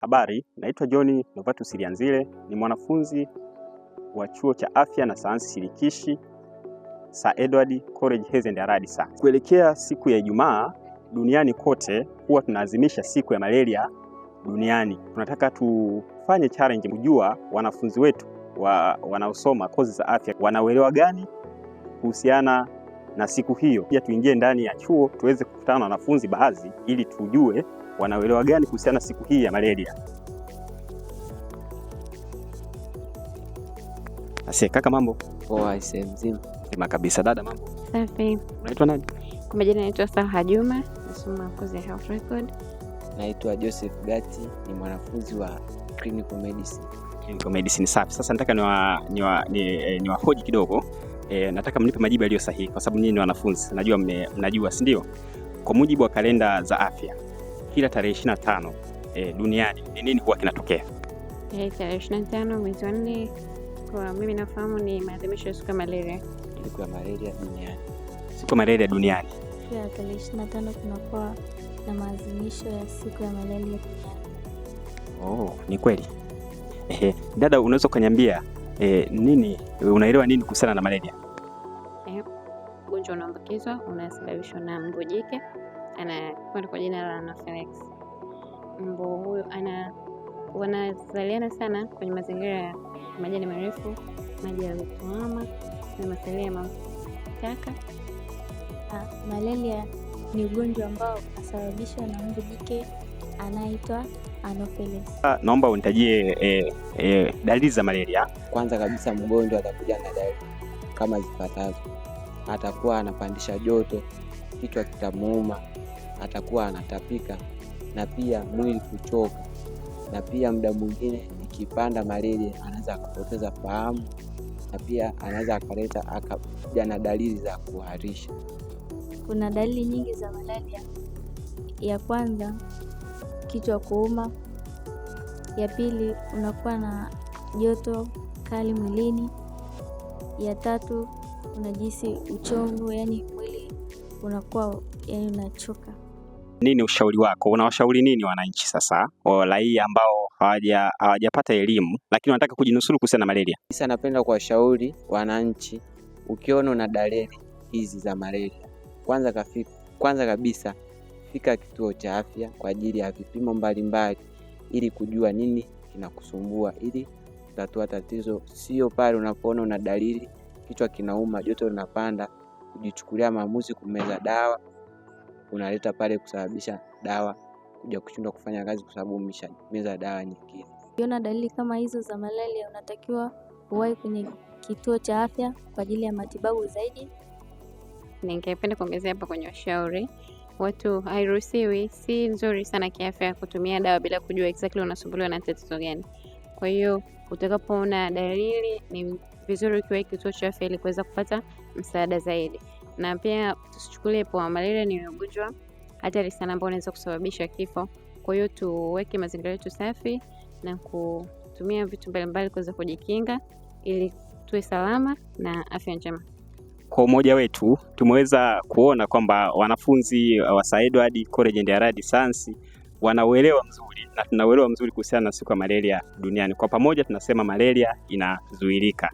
Habari, naitwa John Novatus sirianzile ni mwanafunzi wa chuo cha afya na sayansi shirikishi Sir Edward College Hezen Aradisa. Kuelekea siku ya Ijumaa duniani kote, huwa tunaadhimisha siku ya malaria duniani. Tunataka tufanye challenge kujua wanafunzi wetu wa, wanaosoma kozi za afya wanauelewa gani kuhusiana na siku hiyo. Pia tuingie ndani ya chuo tuweze kukutana na wanafunzi baadhi, ili tujue wanaelewa gani kuhusiana siku hii ya malaria? Ase kaka, mambo poa? Ise mzima mzima kabisa. Dada, mambo safi. Unaitwa nani? Kwa majina naitwa Saha Juma, nasoma kozi ya health record. Naitwa Joseph Gati, ni mwanafunzi wa clinical medicine. Clinical medicine, safi. Sasa nataka ni eh, niwahoji kidogo e, nataka mnipe majibu yaliyo sahihi, kwa sababu nyinyi ni wanafunzi, najua mnajua, si ndio? Kwa mujibu wa kalenda za afya kila tarehe 25 e, eh, duniani ni nini huwa kinatokea? E, tarehe 25 mwezi wa nne kwa mimi nafahamu ni maadhimisho ya siku ya malaria, siku ya malaria duniani, siku ya malaria duniani. Kila tarehe 25 kunakuwa na maadhimisho ya siku ya malaria duniani. Oh, ni kweli. eh, dada, unaweza ukaniambia e, nini unaelewa nini kuhusiana na malaria? Ugonjwa unaambukizwa unasababishwa na mbu jike anakwenda kwa jina la Anopheles. Mbu huyu ana wanazaliana sana kwenye mazingira ya majani marefu, maji yaliyotuama na masalia ya taka. Ah, malaria ni ugonjwa ambao unasababishwa na mbu jike anaitwa Anopheles. Ah, naomba unitajie eh, eh, dalili za malaria. Kwanza kabisa mgonjwa atakuja na dalili kama zifuatazo: atakuwa anapandisha joto, kichwa kitamuuma atakuwa anatapika na pia mwili kuchoka, na pia muda mwingine ikipanda malaria anaweza akapoteza fahamu na pia anaweza akaleta akaja na dalili za kuharisha. Kuna dalili nyingi za malaria. Ya kwanza kichwa kuuma, ya pili unakuwa na joto kali mwilini, ya tatu unajisi uchovu, yani mwili unakuwa yani unachoka. Nini ushauri wako? Unawashauri nini wananchi sasa, raia ambao hawaja hawajapata elimu lakini wanataka kujinusuru kuhusiana na malaria? Sasa napenda kuwashauri wananchi, ukiona una dalili hizi za malaria, kwanza kafika, kwanza kabisa fika kituo cha afya kwa ajili ya vipimo mbalimbali ili kujua nini kinakusumbua ili kutatua tatizo. Sio pale unapoona una dalili, kichwa kinauma, joto linapanda, kujichukulia maamuzi kumeza dawa unaleta pale kusababisha dawa kuja kushindwa kufanya kazi kwa sababu umeshameza dawa nyingine. Ukiona dalili kama hizo za malaria, unatakiwa uwahi kwenye kituo cha afya kwa ajili ya matibabu zaidi. Ningependa kuongezea hapa kwenye ushauri, watu hairuhusiwi, si nzuri sana kiafya ya kutumia dawa bila kujua exactly unasumbuliwa na tatizo gani. Kwa hiyo utakapoona dalili, ni vizuri ukiwahi kituo cha afya ili kuweza kupata msaada zaidi na pia tusichukulie poa, malaria ni ugonjwa hatari sana ambao unaweza kusababisha kifo. Kwa hiyo tuweke mazingira yetu safi na kutumia vitu mbalimbali kuweza kujikinga ili tuwe salama na afya njema. Kwa umoja wetu tumeweza kuona kwamba wanafunzi wa Saidwad College and Allied Sciences wanauelewa mzuri na tunauelewa mzuri kuhusiana na siku ya malaria duniani. Kwa pamoja tunasema malaria inazuilika.